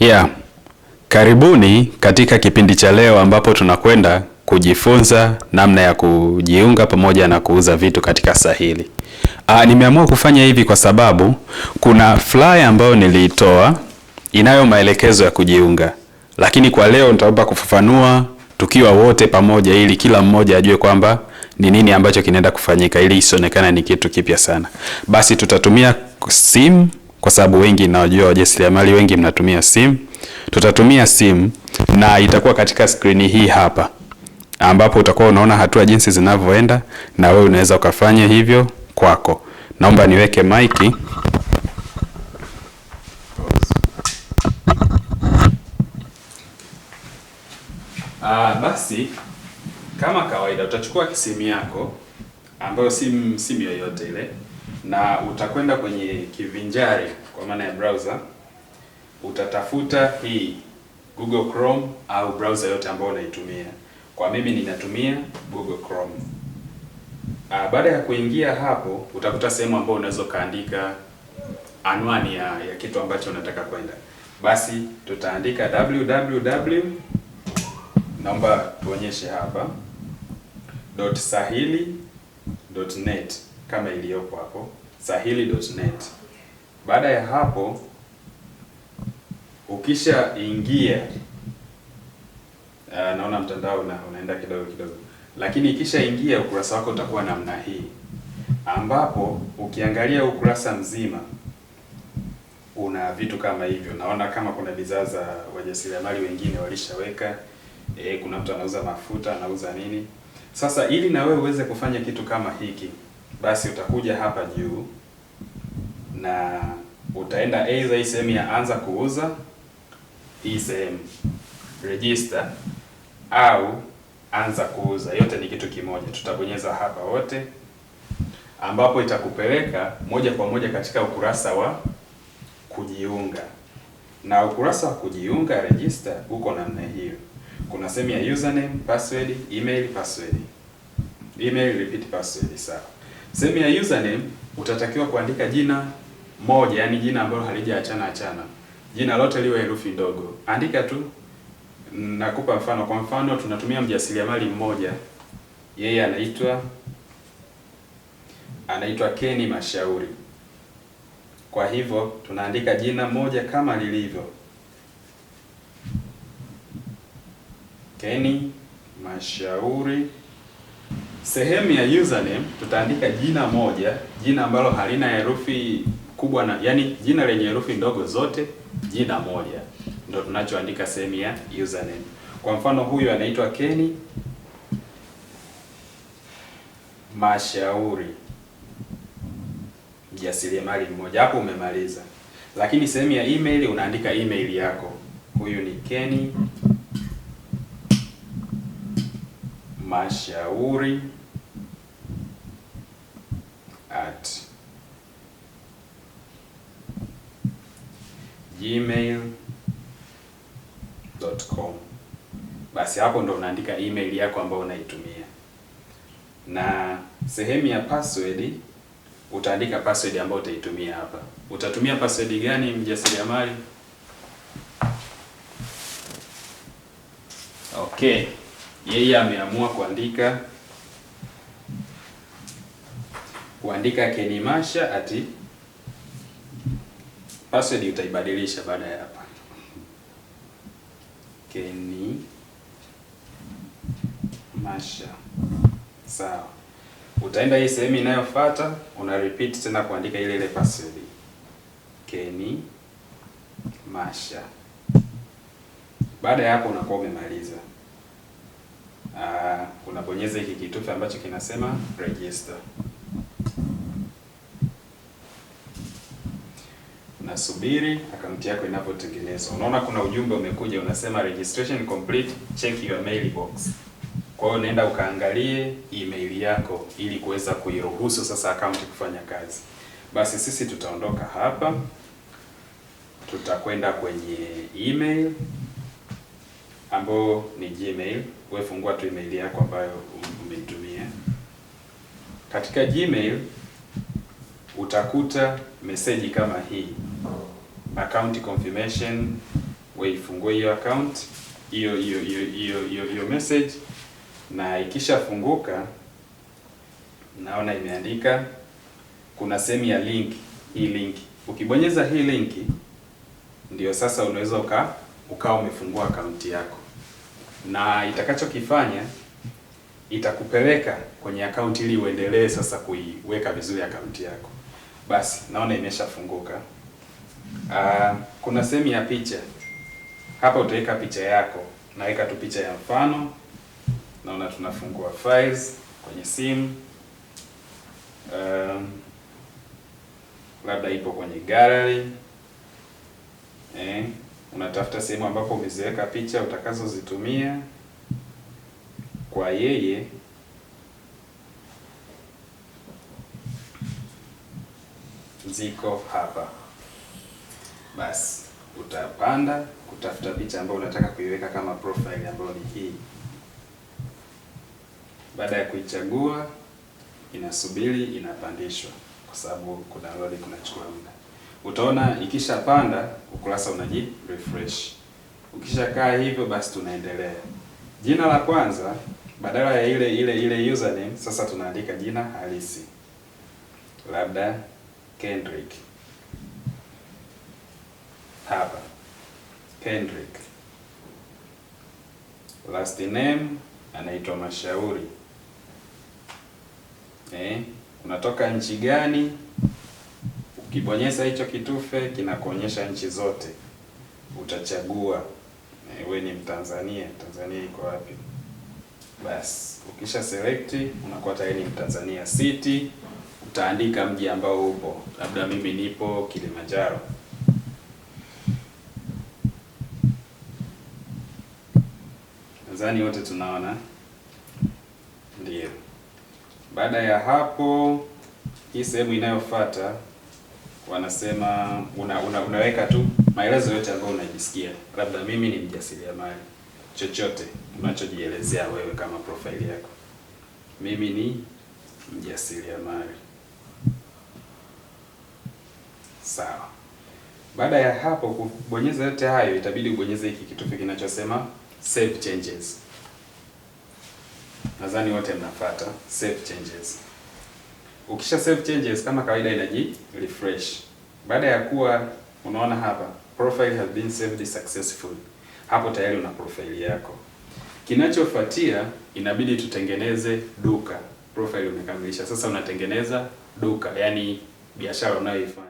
Yeah. Karibuni katika kipindi cha leo ambapo tunakwenda kujifunza namna ya kujiunga pamoja na kuuza vitu katika Sahili. Aa, ah, nimeamua kufanya hivi kwa sababu kuna flyer ambayo niliitoa inayo maelekezo ya kujiunga, lakini kwa leo nitaomba kufafanua tukiwa wote pamoja, ili kila mmoja ajue kwamba ni nini ambacho kinaenda kufanyika, ili isionekane ni kitu kipya sana. Basi tutatumia simu kwa sababu wengi nawajua wajasiriamali wengi mnatumia simu. Tutatumia simu na itakuwa katika skrini hii hapa, ambapo utakuwa unaona hatua jinsi zinavyoenda, na wewe unaweza ukafanya hivyo kwako. Naomba niweke maiki. Ah, basi kama kawaida utachukua simu yako ambayo simu simu yoyote ile na utakwenda kwenye kivinjari kwa maana ya browser, utatafuta hii Google Chrome au browser yote ambayo unaitumia. Kwa mimi ninatumia Google Chrome. Ah, baada ya kuingia hapo, utakuta sehemu ambayo unaweza ukaandika anwani ya, ya kitu ambacho unataka kwenda. Basi tutaandika www, naomba tuonyeshe hapa .sahili.net kama iliyopo hapo sahili.net. Baada ya hapo, ukishaingia eh, naona mtandao una, unaenda kidogo kidogo, lakini ikishaingia ukurasa wako utakuwa namna hii, ambapo ukiangalia ukurasa mzima una vitu kama hivyo. Naona kama kuna bidhaa za wajasiriamali wengine walishaweka e, kuna mtu anauza mafuta anauza nini. Sasa ili na wewe uweze kufanya kitu kama hiki, basi utakuja hapa juu na utaenda aidha hii sehemu ya anza kuuza, hii sehemu register au anza kuuza, yote ni kitu kimoja. Tutabonyeza hapa wote, ambapo itakupeleka moja kwa moja katika ukurasa wa kujiunga, na ukurasa wa kujiunga register uko namna hiyo. Kuna sehemu ya username, password, email, password, email, repeat password. Sawa, sehemu ya username utatakiwa kuandika jina moja, yani jina ambalo halijaachana achana, jina lote liwe herufi ndogo. Andika tu, nakupa mfano. Kwa mfano tunatumia mjasiriamali mmoja, yeye anaitwa anaitwa Keni Mashauri. Kwa hivyo tunaandika jina moja kama lilivyo, Keni Mashauri. Sehemu ya username tutaandika jina moja, jina ambalo halina herufi kubwa na yani jina lenye herufi ndogo zote jina moja, ndio tunachoandika sehemu ya username. Kwa mfano huyu anaitwa Keni Mashauri, mjasiriamali mmoja. Hapo umemaliza, lakini sehemu ya email unaandika email yako. Huyu ni Keni Mashauri at gmail.com. Basi hapo ndo unaandika email yako ambayo unaitumia, na sehemu ya password utaandika password ambayo utaitumia hapa. Utatumia password gani, mjasiriamali? Okay, yeye ameamua kuandika kuandika kenimasha ati password utaibadilisha baada ya hapa. Keni Masha. Sawa. Utaenda hii sehemu inayofuata, una repeat tena kuandika ile ile password. Keni Masha. Baada ya hapo unakuwa umemaliza. Ah, unabonyeza hiki kitufe ambacho kinasema register. nasubiri akaunti yako inapotengenezwa. Unaona kuna ujumbe umekuja unasema registration complete, check your mail box. Kwa hiyo nenda ukaangalie email yako ili kuweza kuiruhusu sasa akaunti kufanya kazi. Basi sisi tutaondoka hapa, tutakwenda kwenye email ambayo ni Gmail. Wewe fungua tu email yako ambayo umeitumia katika Gmail utakuta meseji kama hii, account confirmation. Waifungue hiyo account hiyo hiyo hiyo hiyo hiyo message, na ikishafunguka naona imeandika kuna sehemu ya link, hii link. Ukibonyeza hii link ndio sasa unaweza uka ukawa umefungua akaunti yako, na itakachokifanya itakupeleka kwenye akaunti ili uendelee sasa kuiweka vizuri akaunti yako. Basi naona imeshafunguka. Uh, kuna sehemu ya picha hapa, utaweka picha yako. Naweka tu picha ya mfano, naona tunafungua files kwenye simu. Um, labda ipo kwenye gallery eh, unatafuta sehemu ambapo umeziweka picha utakazozitumia kwa yeye ziko hapa. Basi utapanda kutafuta picha ambayo unataka kuiweka kama profile ambayo ni hii. Baada ya kuichagua, inasubiri inapandishwa, kwa sababu load, kunachukua muda. Utaona ikishapanda ukurasa unaji refresh. Ukishakaa hivyo, basi tunaendelea. Jina la kwanza badala ya ile ile ile username, sasa tunaandika jina halisi labda Kendrick hapa, Kendrick. Last name anaitwa Mashauri eh, unatoka nchi gani? Ukibonyeza hicho kitufe kinakuonyesha nchi zote, utachagua eh, ni Mtanzania. Tanzania iko wapi? Basi ukisha select unakuwa tayari Mtanzania. City utaandika mji ambao upo, labda mimi nipo Kilimanjaro. Nadhani wote tunaona, ndio. Baada ya hapo, hii sehemu inayofuata wanasema una, una, unaweka tu maelezo yote ambayo unajisikia, labda mimi ni mjasiriamali, chochote unachojielezea wewe kama profile yako, mimi ni mjasiriamali sawa. Baada ya hapo kubonyeza yote hayo, itabidi ubonyeze hiki kitufe kinachosema save changes. Nadhani wote mnafuata save changes. Ukisha save changes, kama kawaida, inaji refresh. Baada ya kuwa unaona hapa profile has been saved successfully, hapo tayari una profile yako. Kinachofuatia inabidi tutengeneze duka. Profile umekamilisha, sasa unatengeneza duka, yani biashara unayoifanya.